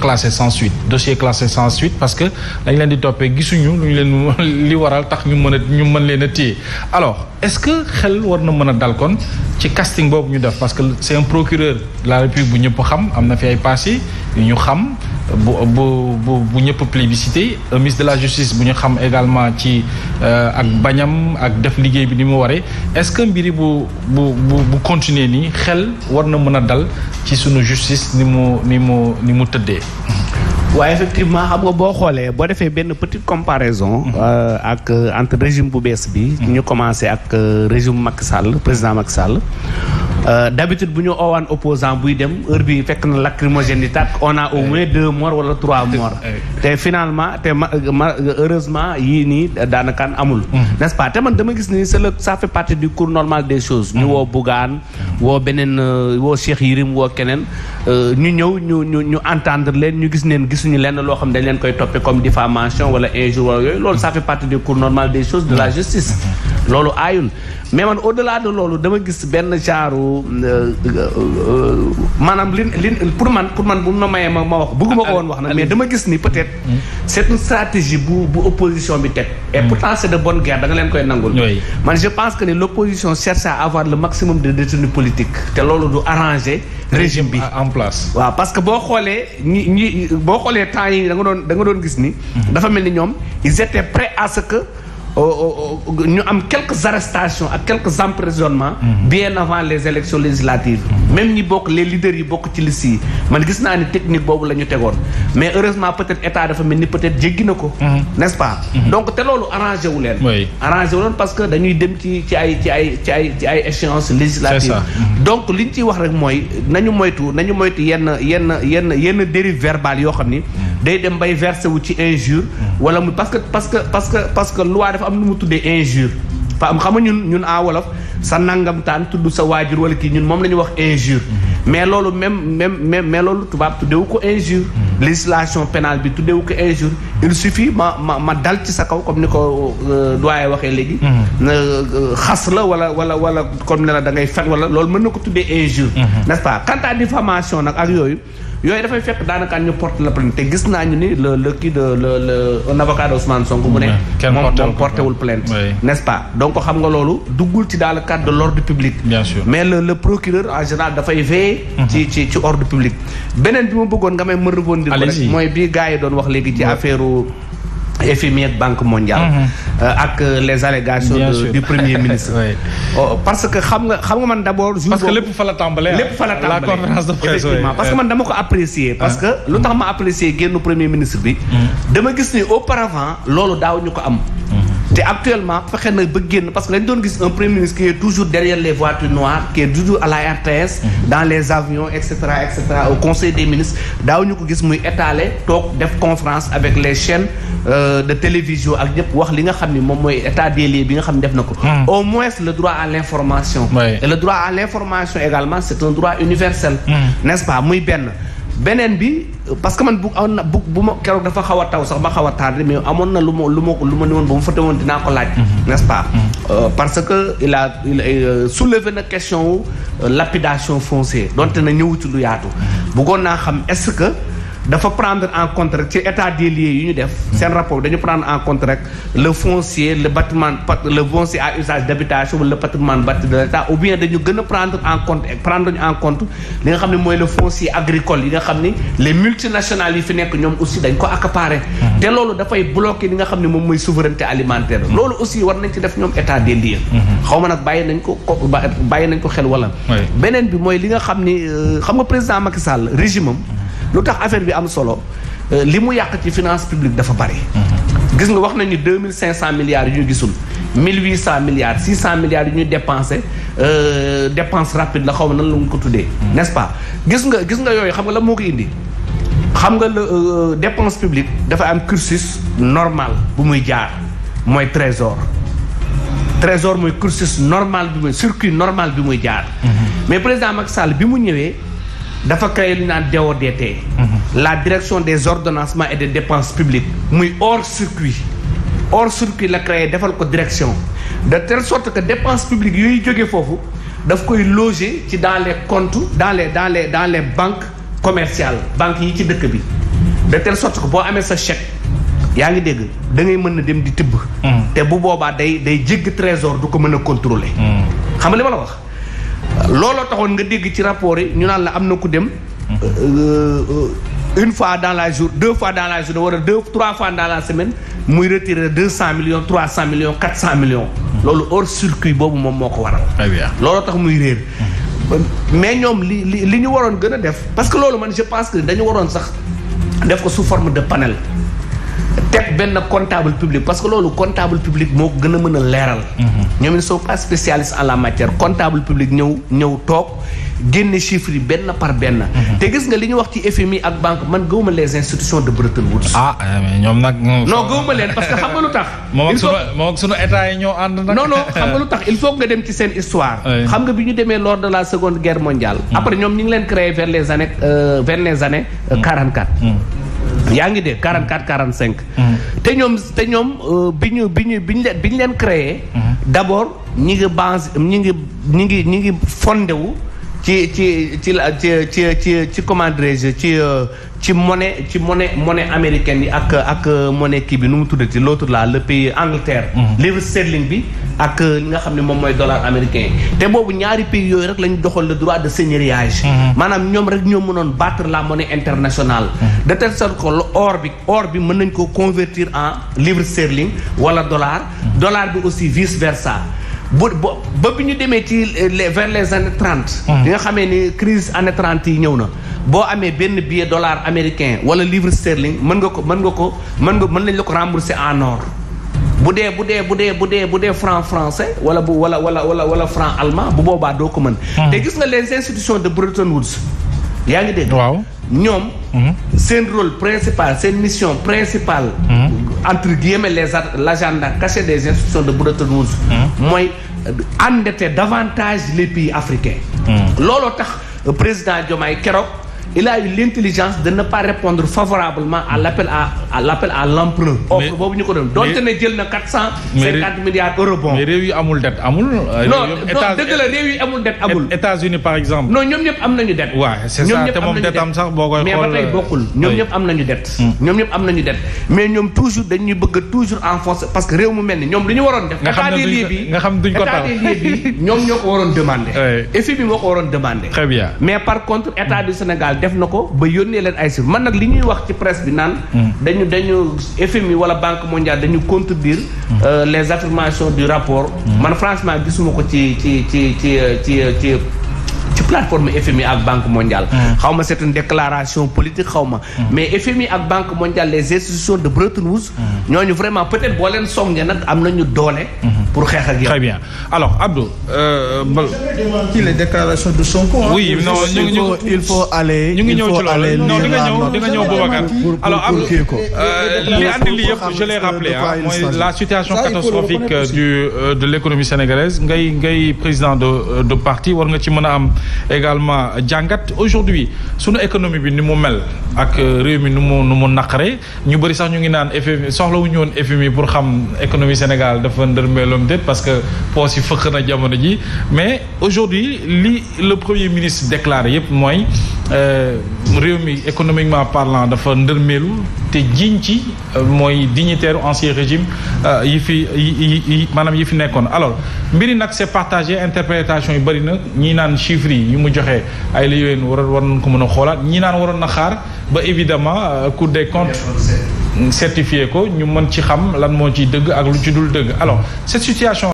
classé sans suite dossier classé sans suite parce que dañ leen di toppee gisuñu lu ñu leen li waral tax ñu mën a ñu mën leen a téye alors est-ce que xel war na mën a dal kon ci casting boobu ñu def parce que c'est un procureur la République bu ñëpp xam am na fi ay passé yu ñu xam bu bu bu bu ñëpp plébiscité un ministre de la justice bu ñu xam également ci euh, ak bañam ak def liggéey bi ni mu waree est-ce que mbiri bu bu bu bu continuer nii xel war na mën a dal ci sunu justice ni mu ni mu ni mu tëddee. waaye effectivement xam nga boo xoolee boo defee benn petite comparaison. Mhm. Euh, ak euh, entre régime bu bees bi. ñu mhm. commencé ak euh, régime Macky Sall président Macky Sall. Euh, d'habitude bu ñu oowaan opposant buy dem heure bi fekk na lacrymogène on a au moins deux morts wala trois morts te finalement euh, euh, heureusement yii nii daanakaan amul mm-hmm. n'est-ce pas te man dama gis ni sa le ça fait partie du cours normal des choses ñu mm-hmm. woo Bougane woo beneen woo Cheikh Yirim woo keneen ñu ñëw ñu ñu ñu entendre leen ñu gis neen gisuñu lenn loo xam dañ leen koy toppe comme diffamation wala injure wala yooyu loolu ça fait partie du cours normal des choses de la justice mm-hmm. mais man au delà de loolu dama gis benn genre euh, euh, maanaam li li pour man pour man bu ma mayee ma ma wax bëgguma ko woon wax na mais dama gis ni peut être mm. c' est une stratégie bu bu opposition bi teg et mm. pourtant c' de bonne guerre da leen koy nangul man je pense que ni l' opposition cherche à avoir le maximum de détenus politiques te loolu du arranger régime bi en place waaw parce que boo xoolee ñi ñi boo xoolee temps yi da nga doon da doon gis ni mm-hmm. dafa mel ni ñoom ils étaient prêts à ce ñu am quelques arrestations ak quelques emprisonnements mhm. bien avant les élections législatives même ñi bokk les leaders yi bokk ci liss yi man gis naa ni technique boobu la ñu tegoon mais heureusement peut-être état dafa mel ni peut-être jéggi na ko mhm. n'est-ce pas mhm. donc te loolu arrangé wu leen arrangé wu leen parce que dañuy dem ci ci ay ci ay ci ay ci ay échéances législatives donc li ñu ciy wax rek mooy nañu moytu nañu moytu yenn yenn yenn yenn dérive verbale yoo xam ni day dem bay versé wu ci injure wala mu parce que parce que parce que parce que loi dafa am nu mu tuddee injure fa am xam nga ñun ñun a wolof sa nangamtaan tudd sa waajur wala kii ñun moom la ñuy wax injure mais loolu même même même mais loolu tubaab tuddewu ko injure pénale bi tuddewu ko injure il suffit ma ma ma dal ci sa kaw comme ni ko euh, doyen waxee léegi mm-hmm. euh, xas la wala wala wala comme ne la da ngay fen wala loolu mën na ko tuddee injure mm-hmm. n'est-ce pas quant à diffamation nag ak yooyu yooyu dafay fekk daanakaan ñu porte la plainte te gis naa ñu ni le le kii de le le un avocat de mu ne moom moom portewul plainte n'est-ce pas donc xam nga loolu duggul ci daal le cadre de l'ordre public mais le le procureur en dafay veiller mhm. ci ci ci ordre public beneen bi ma bëggoon nga may mën rebondir rek mooy bii gars yi doon wax léegi ci affaire FMI ak Banque mondiale. Mhm. Euh, ak euh, les allégations du premier ministre. oui. Oh, parce que xam nga xam nga man d'abord. parce que lépp fa la tàmbalee lépp fa la tàmbalee effectivement parce que man dama ko apprécier. parce ah. que lu tax ma apprécier génn premier ministre bi. Mhm. dama gis ni auparavant loolu daaw ñu ko am. te actuellement fexe na ba génn parce que dañ doon gis un premier ministre qui est toujours derrière les voitures noires qui est toujours à la RTS dans les avions et cetera et cetera au conseil des ministres daaw ñu ko gis muy étaler toog def conférence avec les chaines euh, de télévision ak ñëpp wax li nga xam ni moom mooy état des lieux bi nga xam ni def na ko hmm. au moins le droit à l'information et le droit à l'information également c'est un droit universel hmm. n'est-ce pas muy benn beneen bi parce que man bu amoon na bu bu ma keroog dafa xaw a taw sax ma xaw a tardé mais amoon na lu ma lu ma lu ma ne woon ba mu fa teewoon dinaa ko laaj. Mhm. n'est-ce pas. Mhm. Euh, parce que il a il a euh, soulevé na question wu euh, lapidation foncière donte na ñëwu ci lu yaatu. Mhm. buggoon naa xam est-ce que. dafa prendre en compte rek ci état des lieux yu ñu def seen rapport dañu prendre en compte rek le foncier le bâtiment le foncier à usage d'habitation wala le patrimoine bâti de l'état ou bien dañu a prendre en compte prendre nga xam ne mooy le foncier agricole yi nga xam ni les multinationales yi fi nekk ñoom aussi dañ ko accaparer te loolu dafay bloquer li nga xam ne mooy souveraineté alimentaire loolu aussi war nañ ci def ñoom état des ma nag bàyyi nañ ko ko bàyyi nañ ko xel wala beneen bi mooy li nga xam ni euh, xam nga président Macky Sall régime lu tax affaire bi am solo euh, li mu yàq ci finance publique dafa bari. Mhm. gis nga wax nañu deux mille cinq cent milliards yu ñu gisul. mille huit cent milliards six cent milliards yu ñu dépensé euh, dépense rapide la xaw ma nan la ñu ko tuddee. Mhm. n'est-ce pas gis nga gis nga yooyu xam nga la moo ko indi. xam nga la euh, dépense publique dafa am cursus normal bu muy jaar mooy trésor trésor mooy cursus normal bi muy circuit normal bi muy jaar. Mhm. mais président Macky Sall bi mu ñëwee. dafa créé lu naan DODT mhm. la direction des ordonnancements et des dépenses publiques muy hors circuit hors circuit la créé defal ko direction de telle sorte que dépenses publiques yooyu jógee foofu dafa koy loger ci dans les comptes dans les dans les dans les banques commerciales banques yi ci dëkk bi de tell sorte ko boo amee sa chèque yaa ngi dégg da ngay mën na dem di tibb mhm. te bu boobaa day day jégg trésor du ko mën a contrôler mhm. xam nga li ma la wax looloo taxoon nga dégg ci rapport yi ñu naan la am na ku dem. Euh, euh, une fois dans la jour deux fois dans la journée wala deux trois fois dans la semaine muy retirer deux cent millions trois cent millions quatre cent millions. loolu hors circuit boobu moom moo ko waral. looloo tax muy réer. mais ñoom li li li ñu waroon gën a def parce que loolu man je pense que dañu waroon sax def ko sous forme de panel. teg benn comptable public parce que loolu comptable public moo ko gën a mën a leeral. Mhm. ñoom ils sont pas spécialistes en la matière comptable public ñëw ñëw toog génne chiffres yi benn par benn. Mhm. te gis nga li ñu wax ci FMI ak banque man gëwuma les institutions de Bretton Woods. ah eh, ñoom nag. non gëwuma leen parce que xam nga lu tax. sunu moom yi ñoo ànd nag. non non xam nga il faut nga dem ci seen histoire. xam nga bi ñu demee lors de la seconde guerre mondiale. Mhm. après ñoom ñu ngi leen créé vers les années euh, vers les années. 44. Euh, yaa ngi dégg 44 45. Mm-hmm. te ñoom te ñoom euh, bi ñu bi ñu bi ñu leen bi ñu créé. Mm-hmm. d' abord ñi ngi base ñi ngi ñi ngi ñi ngi fondé wu ci ci ci la ci ci ci comment dirais ci ci. Euh, ci monnaie ci monnaie monnaie américaine yi ak ak monnaie kii bi nu mu tuddati l'autre là le pays Angleterre. Mm-hmm. livre sterling bi ak euh, li nga xam ne moom mooy dollar américain te boobu ñaari pays yooyu rek la ñu doxal le droit de seigneuriage. Mm-hmm. maanaam ñoom rek ñoo mënoon battre la monnaie international mm-hmm. de telle sorte que or bi or bi mën nañ ko convertir en livre sterling wala dollar. dollar bi aussi vice versa. bu ba bi ñu demee ci euh, vers les années trente. bi nga xamee ni crise années trente yi ñëw na. boo amee benn billet dollar américain wala livre sterling mën nga ko mën nga ko mën nga mën nañ la ko rembourser en or bu dee bu dee bu dee bu dee bu dee franc français wala bu wala wala wala wala franc allemand bu boobaa doo ko mën hmm. te gis nga les institutions de Bretton Woods yaa ngi dégg waaw ñoom hmm. seen rôle principal seen mission principale hmm. entre guillemets les l'agenda caché des institutions de Bretton Woods mooy endetter davantage les pays africains looloo tax président Diomaye keroog il a eu l'intelligence de ne pas répondre favorablement à l'appel à à l'appel à l'emprunt. offre boobu ñu ko doon donte ne jël na quatre cent cinquante milliards euro bon. mais réew yi amul dette amul. Euh, non non dëgg la réew yi amul dette amul. États-Unis par exemple. non ñoom ñëpp am nañu dette. waaw mais euh, mm. ñoom ñëpp am nañu dette. ñoom ñëpp am nañu mais toujours dañuy bëgg toujours enforcer parce que réew mu mel ni ñoom lu ñu waroon def. nga xam ne duñ ko nga ko waroon demander. ko waroon demander. très mais par contre état du Sénégal def na ko ba yónnee leen ay chiffres man nag li ñuy wax ci presse bi naan. Hmm. dañu dañu FMI wala Banque mondiale dañu contredire hmm. euh, les affirmations du rapport. Hmm. man franchement gisuma ko ci ci ci ci ci ci. plateforme FMI ak Banque mondiale. Hmm. xaw ma c'est une déclaration politique xaw ma. Hmm. mais FMI ak Banque mondiale les institutions de Bretton Woods. Hmm. ñooñu vraiment peut-être boo leen songee nag am nañu doole. pour xeex ak yow. très bien alors Abdou. Euh, Mbal. ñu ngi il ñu ngi ñëw ci loolu non di nga ñëw di nga ñëw Boubacar. alors Abdou euh, li andi je l'ai rappelé la situation catastrophique euh, du de l'économie sénégalaise ngay ngay président de de parti nga ci mën a am. également jàngat aujourd'hui sunu économie bi ni mu mel ak euh, réew mi nu mu nu mu naqare ñu bëri sax ñu ngi naan FMI soxlawuñu woon FMI pour xam économie Sénégal dafa ndërmeelam déet parce que poos yi fëkk na jamono ji mais aujourd'hui li le premier ministre déclaré yëpp mooy Euh, réew mi économiquement parlant dafa ndërmeelu te jiiñ ci euh, mooy dignitaire ancien régime euh, yi fi yi maanaam yi fi nekkoon alors mbiri nag c'est partagé interprétation yu bëri na ñii naan chiffres yi mu joxe ay la yoween war war nañ ko mën a xoolaat ñii naan waroon na xaar ba évidemment Cour des comptes certifié ko ñu mën ci xam lan moo ciy dëgg ak lu ci dul dëgg alors cette situation